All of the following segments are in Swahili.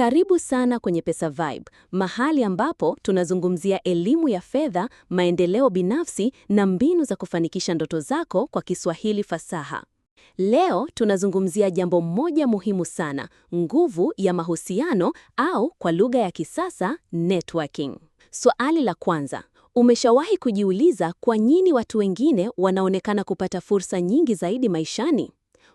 Karibu sana kwenye Pesa Vibe, mahali ambapo tunazungumzia elimu ya fedha, maendeleo binafsi na mbinu za kufanikisha ndoto zako kwa Kiswahili fasaha. Leo tunazungumzia jambo moja muhimu sana, nguvu ya mahusiano au kwa lugha ya kisasa networking. Swali la kwanza, umeshawahi kujiuliza kwa nini watu wengine wanaonekana kupata fursa nyingi zaidi maishani?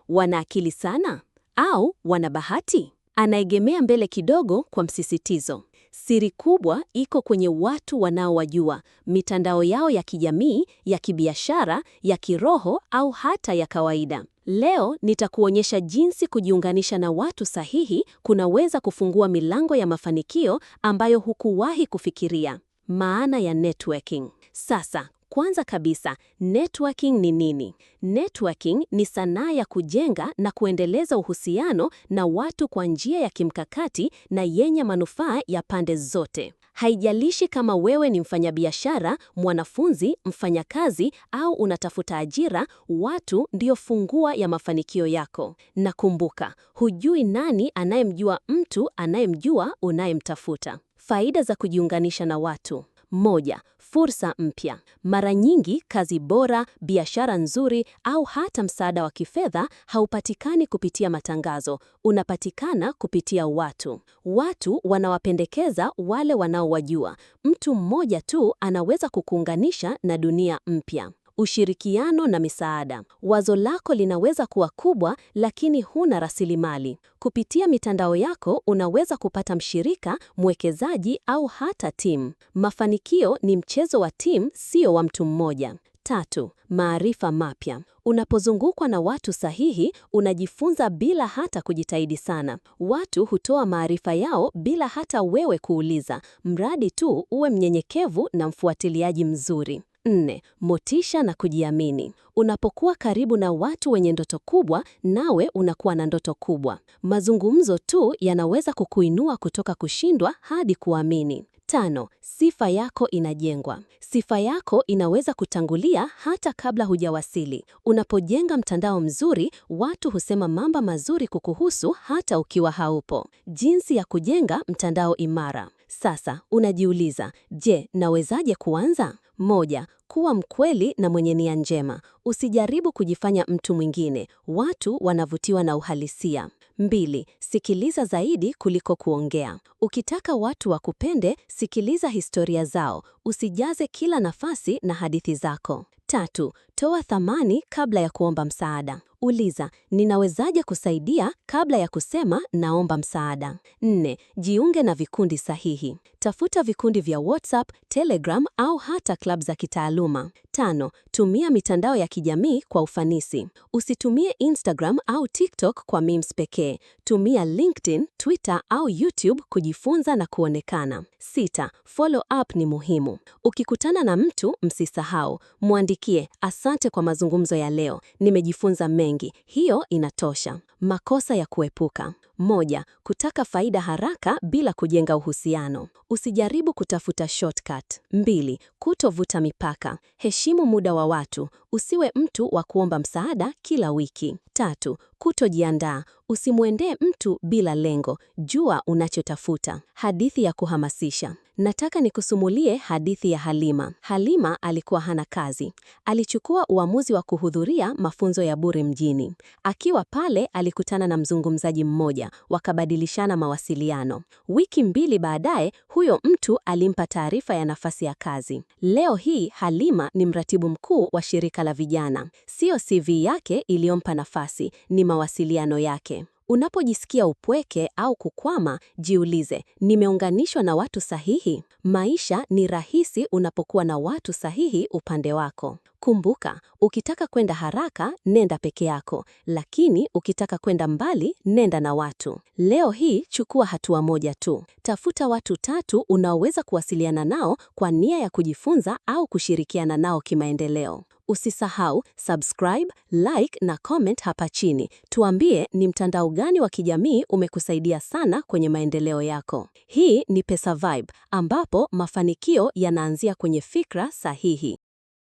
Wana akili sana au wana bahati? Anaegemea mbele kidogo kwa msisitizo. Siri kubwa iko kwenye watu wanaowajua, mitandao yao ya kijamii, ya kibiashara, ya kiroho au hata ya kawaida. Leo nitakuonyesha jinsi kujiunganisha na watu sahihi kunaweza kufungua milango ya mafanikio ambayo hukuwahi kufikiria. Maana ya networking. Sasa kwanza kabisa, networking ni nini? Networking ni sanaa ya kujenga na kuendeleza uhusiano na watu kwa njia ya kimkakati na yenye manufaa ya pande zote. Haijalishi kama wewe ni mfanyabiashara, mwanafunzi, mfanyakazi au unatafuta ajira, watu ndio fungua ya mafanikio yako. Na kumbuka, hujui nani anayemjua mtu anayemjua unayemtafuta. Faida za kujiunganisha na watu. Moja, fursa mpya. Mara nyingi kazi bora, biashara nzuri au hata msaada wa kifedha haupatikani kupitia matangazo, unapatikana kupitia watu. Watu wanawapendekeza wale wanaowajua. Mtu mmoja tu anaweza kukuunganisha na dunia mpya ushirikiano na misaada. Wazo lako linaweza kuwa kubwa, lakini huna rasilimali. Kupitia mitandao yako unaweza kupata mshirika, mwekezaji au hata timu. Mafanikio ni mchezo wa timu, sio wa mtu mmoja. Tatu, maarifa mapya. Unapozungukwa na watu sahihi, unajifunza bila hata kujitahidi sana. Watu hutoa maarifa yao bila hata wewe kuuliza, mradi tu uwe mnyenyekevu na mfuatiliaji mzuri. Nne, motisha na kujiamini. Unapokuwa karibu na watu wenye ndoto kubwa, nawe unakuwa na ndoto kubwa. Mazungumzo tu yanaweza kukuinua kutoka kushindwa hadi kuamini. Tano, sifa yako inajengwa. Sifa yako inaweza kutangulia hata kabla hujawasili. Unapojenga mtandao mzuri, watu husema mambo mazuri kukuhusu hata ukiwa haupo. Jinsi ya kujenga mtandao imara. Sasa unajiuliza, je, nawezaje kuanza? Moja, kuwa mkweli na mwenye nia njema. Usijaribu kujifanya mtu mwingine, watu wanavutiwa na uhalisia. Mbili, sikiliza zaidi kuliko kuongea. Ukitaka watu wakupende, sikiliza historia zao, usijaze kila nafasi na hadithi zako. Tatu, toa thamani kabla ya kuomba msaada. Uliza ninawezaje kusaidia kabla ya kusema naomba msaada. 4. Jiunge na vikundi sahihi. Tafuta vikundi vya WhatsApp, Telegram au hata klub za kitaaluma. 5. Tumia mitandao ya kijamii kwa ufanisi. Usitumie Instagram au TikTok kwa memes pekee. Tumia LinkedIn, Twitter au YouTube kujifunza na kuonekana. 6. Follow up ni muhimu. Ukikutana na mtu, msisahau, mwandikie, asante kwa mazungumzo ya leo. Nimejifunza me mengi, hiyo inatosha. Makosa ya kuepuka. Moja, kutaka faida haraka bila kujenga uhusiano. Usijaribu kutafuta shortcut. Mbili, kutovuta mipaka. Heshimu muda wa watu. Usiwe mtu wa kuomba msaada kila wiki. Tatu, kutojiandaa. Usimwendee mtu bila lengo. Jua unachotafuta. Hadithi ya kuhamasisha. Nataka nikusumulie hadithi ya Halima. Halima alikuwa hana kazi. Alichukua uamuzi wa kuhudhuria mafunzo ya bure mjini. Akiwa pale alikutana na mzungumzaji mmoja pamoja, wakabadilishana mawasiliano. Wiki mbili baadaye, huyo mtu alimpa taarifa ya nafasi ya kazi. Leo hii Halima ni mratibu mkuu wa shirika la vijana. Sio CV yake iliyompa nafasi, ni mawasiliano yake. Unapojisikia upweke au kukwama, jiulize, nimeunganishwa na watu sahihi? Maisha ni rahisi unapokuwa na watu sahihi upande wako. Kumbuka, ukitaka kwenda haraka, nenda peke yako, lakini ukitaka kwenda mbali, nenda na watu. Leo hii chukua hatua moja tu. Tafuta watu tatu unaoweza kuwasiliana nao kwa nia ya kujifunza au kushirikiana nao kimaendeleo. Usisahau subscribe, like na comment hapa chini. Tuambie ni mtandao gani wa kijamii umekusaidia sana kwenye maendeleo yako. Hii ni Vibe ambapo mafanikio yanaanzia kwenye fikra sahihi.